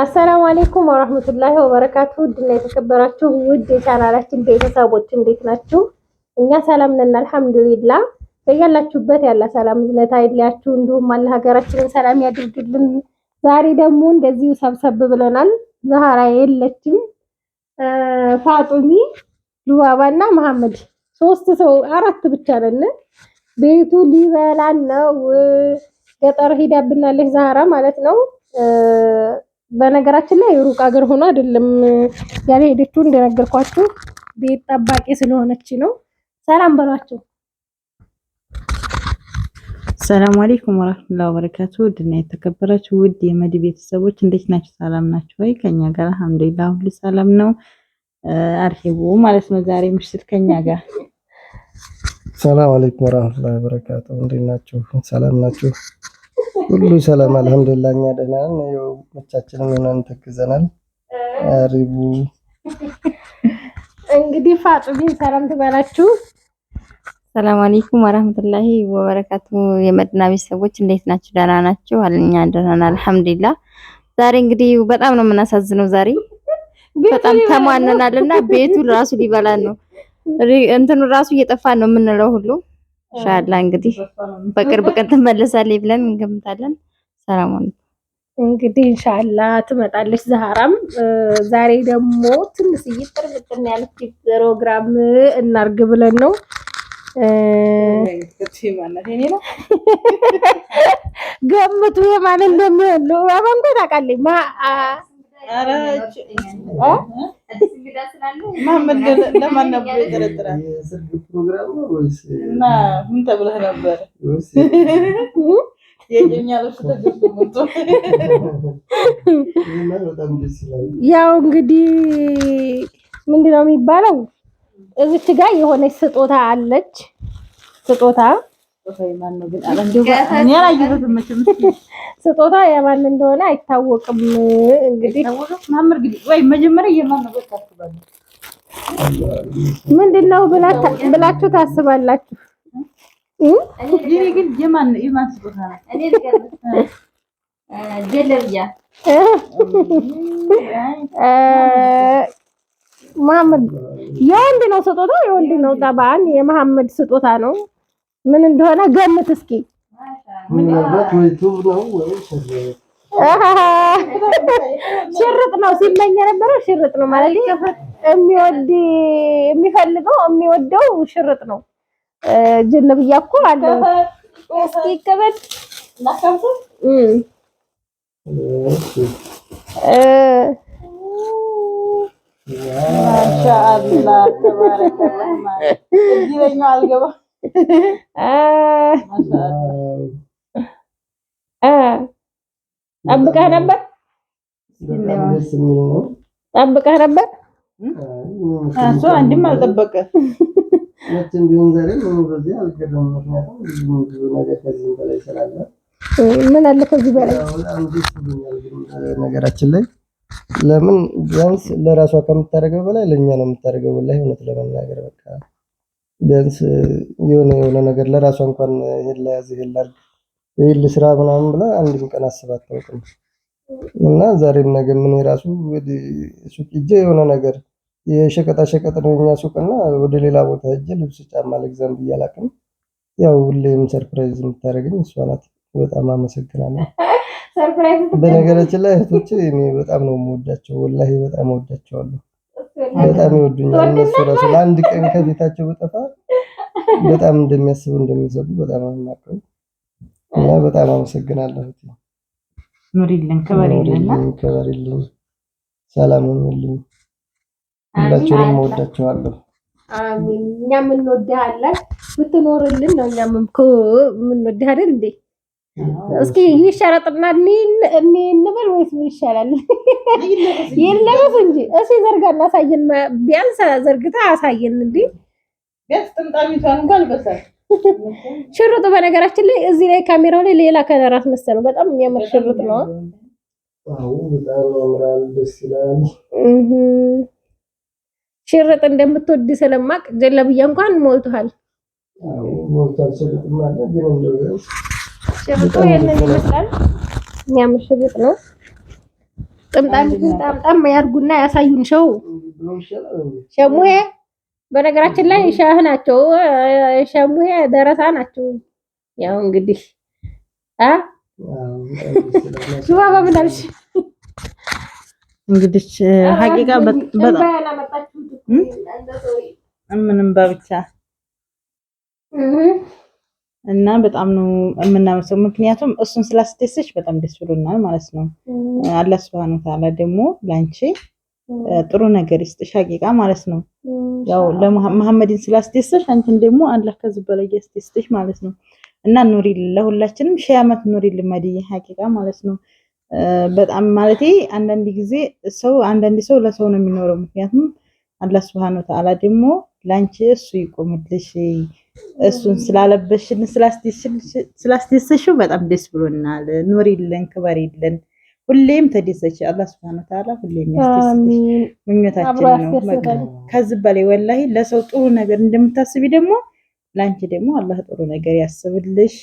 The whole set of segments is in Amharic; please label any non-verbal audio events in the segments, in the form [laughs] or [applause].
አሰላሙ አሌይኩም ወረህመቱላሂ ወበረካቱ ውድና የተከበራችሁ ውድ የቻናላችን ቤተሰቦች እንዴት ናችሁ? እኛ ሰላም ነን አልሐምዱሊላ። በያላችሁበት ያለ ሰላም እዝነት አይለያችሁ፣ እንዲሁም አለ ሀገራችንን ሰላም ያድርግልን። ዛሬ ደግሞ እንደዚሁ ሰብሰብ ብለናል። ዛህራ የለችም፣ ፋጡሚ ሉባባ እና መሐመድ ሶስት ሰው አራት ብቻ ነን። ቤቱ ሊበላን ነው። ገጠር ሂዳብናለች ዛህራ ማለት ነው። በነገራችን ላይ ሩቅ ሀገር ሆኖ አይደለም ያለ ሄደችው እንደነገርኳችሁ ቤት ጠባቂ ስለሆነች ነው። ሰላም በሏቸው። ሰላም አለይኩም ወራህመቱላሂ ወበረካቱ። ድና የተከበራችሁ ውድ የመዲ ቤተሰቦች እንዴት ናችሁ? ሰላም ናችሁ ወይ? ከኛ ጋር አልሐምዱሊላህ ሁሉ ሰላም ነው። አርሂቡ ማለት ነው። ዛሬ ምሽት ከኛ ጋር ሰላም አለይኩም ወራህመቱላሂ ወበረካቱ። እንዴት ናችሁ? ሰላም ናችሁ? ሁሉ ሰላም አልሐምዱሊላህ፣ እኛ ደህና ነን። ያው ብቻችንን ሆነን ተክዘናል። አሪቡ እንግዲህ ፋጡቢን ሰላም ትበላችሁ። ሰላም አለይኩም ወራህመቱላሂ ወበረካቱ። የመድና ቤተሰቦች እንዴት ናችሁ? ደህና ናችሁ? እኛ ደህና ነን አልሐምዱሊላህ። ዛሬ እንግዲህ በጣም ነው የምናሳዝነው። ዛሬ በጣም ተማነናልና ቤቱ ራሱ ሊበላን ነው። እንትኑ ራሱ እየጠፋን ነው የምንለው ሁሉ ሻላ እንግዲህ በቅርብ ቀን ትመለሳለች ብለን እንገምታለን። ሰላም እንግዲህ ኢንሻአላ ትመጣለች። ዛህራም ዛሬ ደግሞ ትንሽ ይጥርብጥና ያለች ፕሮግራም እናርግ ብለን ነው። ገምቱ የማን እንደሚሆን ነው አባንኮ ታውቃለች ማ ለማን ነበር የጠረጥራል? እና ምን ተብለህ ነበር? ያው እንግዲህ ምንድነው የሚባለው? እዚች ጋር የሆነች ስጦታ አለች ስጦታ ስጦታ የማን እንደሆነ አይታወቅም። እንግዲህ ምንድን ነው ብላችሁ ታስባላችሁ? መሐመድ የወንድ ነው ስጦታ፣ የወንድ ነው ጠባን የመሐመድ ስጦታ ነው። ምን እንደሆነ ገምት እስኪ። ሽርጥ ነው ሲመኝ የነበረው ሽርጥ ነው ማለት የሚወድ የሚፈልገው የሚወደው ሽርጥ ነው። ጅን ብያ እኮ አለው እስኪ ይቀበል ማሻአላ [laughs] ጠብቀህ ነበር ጠብቀህ ነበር? እሱ አንድም አልጠበቀም። መቼም ቢሆን ዛሬ በዚህ አልገረም። ምክንያቱም ብዙ ነገር ከዚህም በላይ ስላለ ምን አለ ከዚህ በላይ ነገራችን ላይ ለምን ቢያንስ ለራሷ ከምታደርገው በላይ ለእኛ ነው የምታደርገው። ወላሂ እውነት ለመናገር በቃ ቢያንስ የሆነ የሆነ ነገር ለራሷ እንኳን ይሄን ለያዝ ይሄን ላድርግ ይሄን ልስራ ምናምን ብላ አንድም ቀን አስባ አታውቅም። እና ዛሬም ነገ ምን የራሱ ወደ ሱቅ ሂጄ የሆነ ነገር የሸቀጣ ሸቀጥ ነው የኛ እና ወደ ሌላ ቦታ ሄጄ ልብስ ጫማ ለግዛም ብዬ አላውቅም። ያው ሁሌም ሰርፕራይዝ የምታደርገኝ እሷ ናት። በጣም አመሰግናለሁ። በነገራችን ላይ እህቶቼ እኔ በጣም ነው የምወዳቸው፣ ወላሂ በጣም እወዳቸዋለሁ። በጣም ይወዱኛል እነሱ ራሱ ለአንድ ቀን ከቤታቸው በጠፋ በጣም እንደሚያስቡ እንደሚዘቡ በጣም አናቀው እና በጣም አመሰግናለሁ። ኑሪልኝ፣ ክበሪልኝ፣ ሰላም ሁኑልኝ። ሁላችሁንም እወዳችኋለሁ። እኛ የምንወድሃለን ብትኖርልን ነው። እኛ ምን እኮ የምንወድህ አይደል እንዴ? እስኪ ይሸረጥና እንበል ወይስ ምን ይሻላል? ይለበስ እንጂ እሺ፣ ዘርጋና አሳየን። ቢያንስ ዘርግታ አሳየን። እንዲ ቢያንስ ሽርጡ በነገራችን ላይ እዚህ ላይ ካሜራው ላይ ሌላ ከለራት መሰለው። በጣም የሚያምር ሽሩጥ ነው። ሽርጥ እንደምትወድ ስለማቅ ጀለብያ እንኳን ሞልቷል። ሞልቷል ማለት ሽብጡ ይሄንን ይመስላል። የሚያምር ሽብጥ ነው። ጥምጣም ጥምጣም ያርጉና ያሳዩን። ሸው ሸሙሄ በነገራችን ላይ ሸህ ናቸው። ሸሙሄ ደረሳ ናቸው። ያው እንግዲህ አ ሹባ በመዳልሽ እንግዲህ ሀቂቃ በጣም ምንም ባብቻ እና በጣም ነው የምናመሰው። ምክንያቱም እሱን ስላስደሰች በጣም ደስ ብሎናል ማለት ነው። አላህ ሱብሃነ ወተዓላ ደግሞ ላንቺ ጥሩ ነገር ይስጥሽ ሀቂቃ ማለት ነው። ያው ለመሐመድን ስላስደሰች አንቺን ደግሞ አላህ ከዚህ በላይ ያስደስጥሽ ማለት ነው። እና ኑሪልን፣ ለሁላችንም ሺህ ዓመት ኑሪልን መድዬ ሀቂቃ ማለት ነው። በጣም ማለቴ አንዳንድ ጊዜ ሰው አንዳንድ ሰው ለሰው ነው የሚኖረው። ምክንያቱም አላህ ሱብሃነ ወተዓላ ደግሞ ላንቺ እሱ ይቆምልሽ እሱን ስላለበሽን ስላስደሰሽው በጣም ደስ ብሎናል። ኑሪልን፣ ክበሪልን፣ ሁሌም ተደሰች። አላህ ሱብሃነሁ ወተዓላ ሁሌም ያስደስትሽ ምኞታችን ነው። ከዚህ በላይ ወላሂ ለሰው ጥሩ ነገር እንደምታስቢ ደግሞ ለአንቺ ደግሞ አላህ ጥሩ ነገር ያስብልሽ።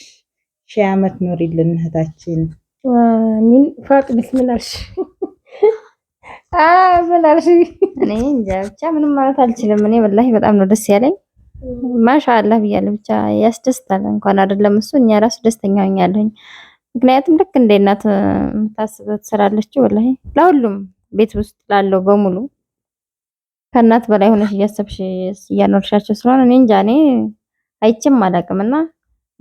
ሺህ ዓመት ኑሪልን እህታችን። አሚን። ፋጥ ቢስሚላሽ አምላሽ እኔ እንጃ ብቻ ምንም ማለት አልችልም። እኔ ወላሂ በጣም ነው ደስ ያለኝ። ማሻአላ ብያለሁ። ብቻ ያስደስታል። እንኳን አይደለም እሱ እኛ ራሱ ደስተኛ ሆኛለሁኝ። ምክንያቱም ልክ እንደ እናት የምታስበት ስላለች ወላሂ ለሁሉም ቤት ውስጥ ላለው በሙሉ ከእናት በላይ ሆነሽ እያሰብሽ እያኖርሻቸው ስለሆነ እኔ እንጃ እኔ አይቼም አላውቅም እና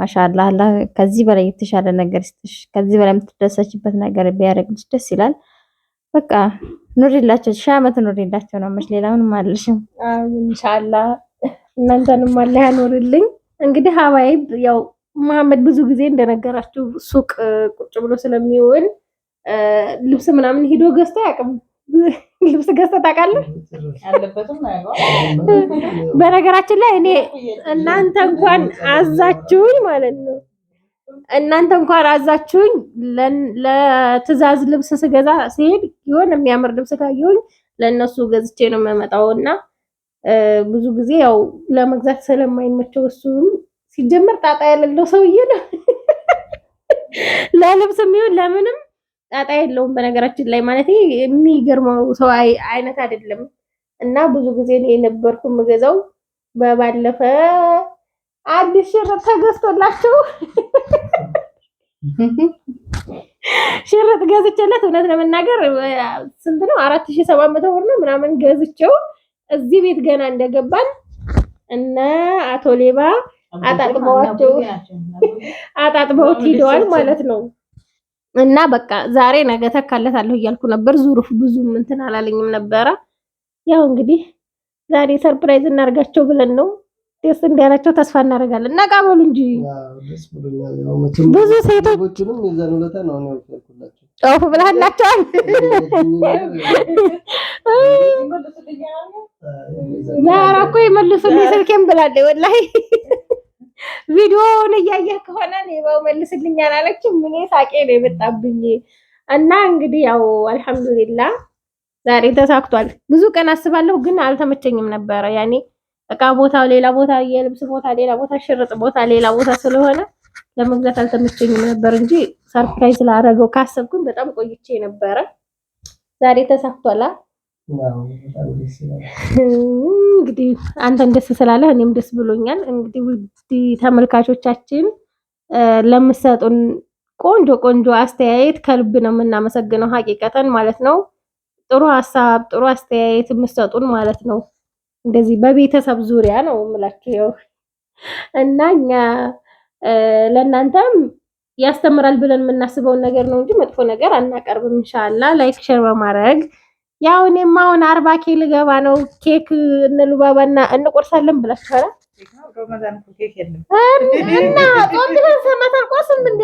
ማሻአላ አላ ከዚህ በላይ የተሻለ ነገር ስትሽ ከዚህ በላይ የምትደሰችበት ነገር ቢያደርግልሽ ደስ ይላል። በቃ ኑሪላቸው፣ ሺህ ዓመት ኑሪላቸው ነው። ምንም ሌላ ምንም አይደለሽም። ኢንሻአላህ እናንተንም አለ ያኖርልኝ። እንግዲህ ሀዋይ ያው መሀመድ ብዙ ጊዜ እንደነገራችሁ ሱቅ ቁጭ ብሎ ስለሚውል ልብስ ምናምን ሂዶ ገዝቶ አያውቅም። ልብስ ገዝተህ ታውቃለህ? በነገራችን ላይ እኔ እናንተ እንኳን አዛችሁኝ ማለት ነው እናንተ እንኳን አዛችሁኝ ለትዕዛዝ ልብስ ስገዛ ሲሄድ ይሆን የሚያምር ልብስ ካየሁኝ ለእነሱ ገዝቼ ነው የምመጣው እና ብዙ ጊዜ ያው ለመግዛት ስለማይመቸው እሱም ሲጀመር ጣጣ የሌለው ሰውዬ ነው። ለልብስ የሚሆን ለምንም ጣጣ የለውም። በነገራችን ላይ ማለት የሚገርመው ሰው አይነት አይደለም። እና ብዙ ጊዜ የነበርኩ የምገዛው በባለፈ አዲስ ሽርጥ ተገዝቶላቸው [laughs] ሽርጥ ገዝቼለት እውነት ለመናገር ስንት ነው አራት ሺህ ሰባት መቶ ብር ነው ምናምን ገዝቼው እዚህ ቤት ገና እንደገባን እና አቶ ሌባ አጣጥበዋቸው አጣጥበውት ሂደዋል ማለት ነው። እና በቃ ዛሬ ነገ ተካለታለሁ እያልኩ ነበር። ዙሩፍ ብዙም እንትን አላለኝም ነበረ። ያው እንግዲህ ዛሬ ሰርፕራይዝ እናርጋቸው ብለን ነው ደስ እንዲያላቸው ተስፋ እናደርጋለን። እና ቃበሉ እንጂ ብዙ ሴቶችንም የዛን ሁለታ ነው ነው ያልኩላችሁ። ያራኮ እኮ የመልሱልኝ ስልኬን ብላለች። ወላሂ ቪዲዮውን እያየህ ከሆነ ሌባው መልስልኝ አላለችም። እኔ ሳቄ ነው የመጣብኝ። እና እንግዲህ ያው አልሐምዱሊላ ዛሬ ተሳክቷል። ብዙ ቀን አስባለሁ ግን አልተመቸኝም ነበረ። ያኔ እቃ ቦታ ሌላ ቦታ፣ የልብስ ቦታ ሌላ ቦታ፣ ሽርጥ ቦታ ሌላ ቦታ ስለሆነ ለመግዛት አልተመቸኝም ነበር እንጂ ሰርፕራይዝ ላደረገው ካሰብኩኝ በጣም ቆይቼ ነበረ። ዛሬ ተሳክቷላ። [laughs] እንግዲህ አንተን ደስ ስላለህ እኔም ደስ ብሎኛል። እንግዲህ ውድ ተመልካቾቻችን ለምሰጡን ቆንጆ ቆንጆ አስተያየት ከልብ ነው የምናመሰግነው። ሀቂቀተን ማለት ነው። ጥሩ ሀሳብ፣ ጥሩ አስተያየት የምሰጡን ማለት ነው። እንደዚህ በቤተሰብ ዙሪያ ነው የምላችሁ እና እኛ ለእናንተም ያስተምራል ብለን የምናስበውን ነገር ነው እንጂ መጥፎ ነገር አናቀርብም። ኢንሻአላህ ላይክ ሼር በማድረግ ያው እኔም አሁን አርባ ኬ ልገባ ነው። ኬክ እንልባባና እንቆርሳለን ብላችኋል እና ጾም ብለን ሰማት አልቆርስም እንደ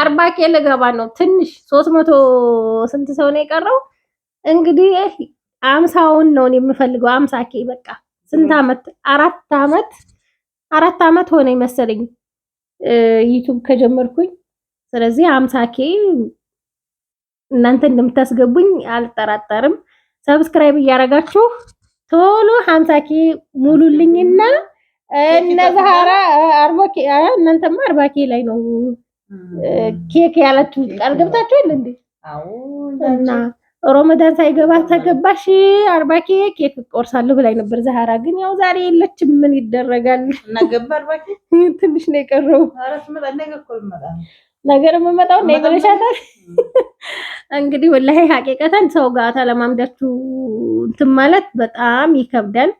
አርባ ኬ ልገባ ነው። ትንሽ ሶስት መቶ ስንት ሰው ነው የቀረው? እንግዲህ አምሳውን ነው የምፈልገው። አምሳ ኬ በቃ ስንት አመት አራት አመት አራት አመት ሆነ መሰለኝ ዩቱብ ከጀመርኩኝ ስለዚህ አምሳ ኬ እናንተ እንደምታስገቡኝ አልጠራጠርም። ሰብስክራይብ እያደረጋችሁ ቶሎ ሀምሳኬ ኬ ሙሉልኝና እነዛራ አርባ ኬ እናንተማ አርባኬ ላይ ነው ኬክ ያላችሁ ቃል ገብታችኋል እንዴ? እና ሮመዳን ሳይገባ ተገባሽ አርባ ኬክ ኬክ ቆርሳለሁ ብላኝ ነበር ዛህራ። ግን ያው ዛሬ የለችም። ምን ይደረጋል? [laughs] ትንሽ ነው የቀረው ነገር የምመጣው ነው ይበለሻታል። [laughs] እንግዲህ ወላሂ ሀቂቀተን ሰው ጋር ተለማምዳችሁ እንትን ማለት በጣም ይከብዳል።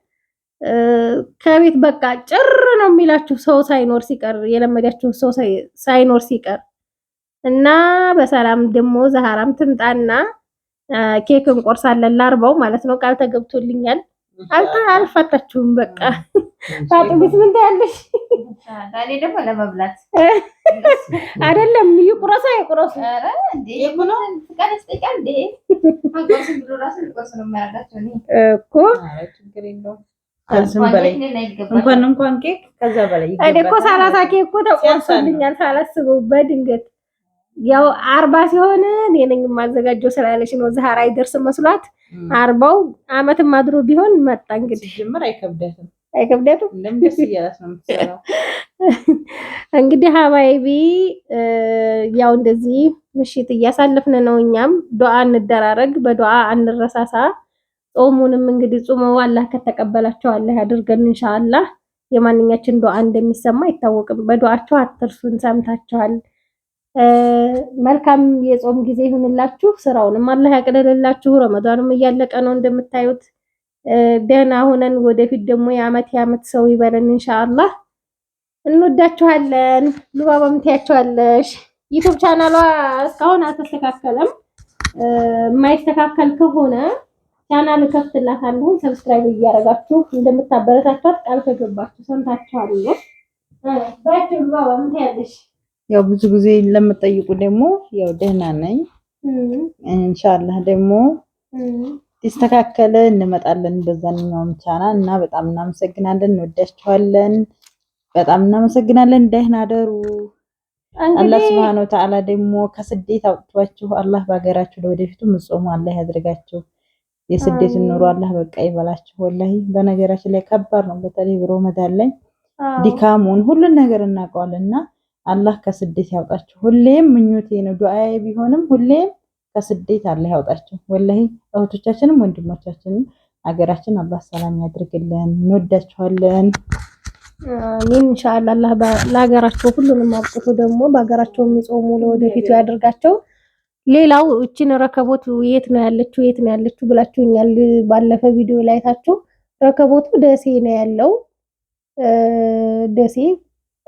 ከቤት በቃ ጭር ነው የሚላችሁ ሰው ሳይኖር ሲቀር የለመዳችሁ ሰው ሳይኖር ሲቀር እና በሰላም ደግሞ ዛህራም ትምጣና ኬክ እንቆርሳለን ላርባው ማለት ነው። ቃል ተገብቶልኛል። አልታ አልፋታችሁም። በቃ ታጥቢት ምን ታያለሽ? ታዲያ ደግሞ ለመብላት አይደለም ይቁረሳ ይቁረሱ አረ እንዴ አንቆርስም ነው ነው እኮ እንኳን እንኳን ኬክ ከዛ በላይ እኔ እኮ ሰላሳ ኬክ እኮ ተቆርሶልኛል ሳላስበው በድንገት ያው አርባ ሲሆን እኔ ነኝ የማዘጋጀው ስላለች ነው ዛሬ አይደርስም መስሏት አርባው አመትም አድሮ ቢሆን መጣ። እንግዲህ ጀምር አይከብደትም አይከብዳትም ደስ እያላት [laughs] እንግዲህ ሀባይቢ ያው እንደዚህ ምሽት እያሳለፍን ነው። እኛም ዱአ እንደራረግ፣ በዱአ አንረሳሳ። ጾሙንም እንግዲህ ጾመው አላህ ከተቀበላቸው አላህ ያድርገን ኢንሻአላህ። የማንኛችን ዱአ እንደሚሰማ አይታወቅም። በዱአቸው አትርሱን። ሰምታችኋል። መልካም የጾም ጊዜ ይሁንላችሁ። ስራውንም አላህ ያቅልልላችሁ። ረመዳኑም እያለቀ ነው እንደምታዩት። ደህና ሆነን ወደፊት ደግሞ የአመት የአመት ሰው ይበለን ኢንሻአላህ። እንወዳችኋለን። ሉባባም ትያቸዋለሽ። ዩቱብ ቻናሏ እስካሁን አልተስተካከለም። የማይስተካከል ከሆነ ቻናል እከፍትላታለሁ። ሰብስክራይብ እያደረጋችሁ እንደምታበረታቷት ቃል ከገባችሁ ሰምታችኋል። ባችሁ ሉባባ ምን ትያለሽ? ያው ብዙ ጊዜ ለምጠይቁ ደግሞ ያው ደህና ነኝ ኢንሻአላህ ደግሞ ይስተካከለ እንመጣለን በዛኛውም ቻና እና በጣም እናመሰግናለን። እንወዳችኋለን። በጣም እናመሰግናለን። ደህና አደሩ። አላህ ሱብሃነ ወተዓላ ደግሞ ከስደት አውጥቷችሁ አላህ በሀገራችሁ ለወደፊቱ ምጾሙ አላህ ያድርጋችሁ። የስደት ኑሮ አላህ በቃ ይበላችሁ። ወላሂ በነገራችን ላይ ከባድ ነው። በተለይ ብሮ ላይ ድካሙን ሁሉን ነገር እናውቀዋለንና አላህ ከስደት ያውጣቸው። ሁሌም ምኞቴ ነው ዱዓዬ ቢሆንም ሁሌም ከስደት አላህ ያውጣቸው። ወላሂ እህቶቻችንም ወንድሞቻችንም አገራችን አላህ ሰላም ያድርግልን። እንወዳችኋለን። አሚን ኢንሻአላህ። አላህ ለሀገራቸው ሁሉንም አብቅቶ ደግሞ በሀገራቸው የሚጾሙ ለወደፊቱ ያደርጋቸው። ሌላው እችን ረከቦት የት ነው ያለችው? የት ነው ያለችው ብላችሁኛል። ባለፈ ቪዲዮ ላይ ታችሁ ረከቦቱ ደሴ ነው ያለው። ደሴ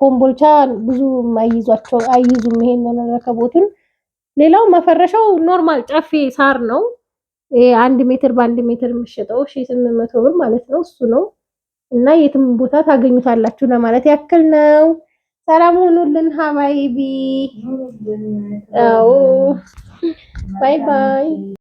ኮምቦልቻ ብዙ አይዟቸው አይይዙም ይሄንን ረከቦቱን። ሌላው መፈረሻው ኖርማል ጨፌ ሳር ነው። አንድ ሜትር በአንድ ሜትር የሚሸጠው ሺ ስምንት መቶ ብር ማለት ነው። እሱ ነው እና የትም ቦታ ታገኙታላችሁ ለማለት ያክል ነው። ሰላም ሁኑልን ሀባይቢ። አዎ ባይ ባይ።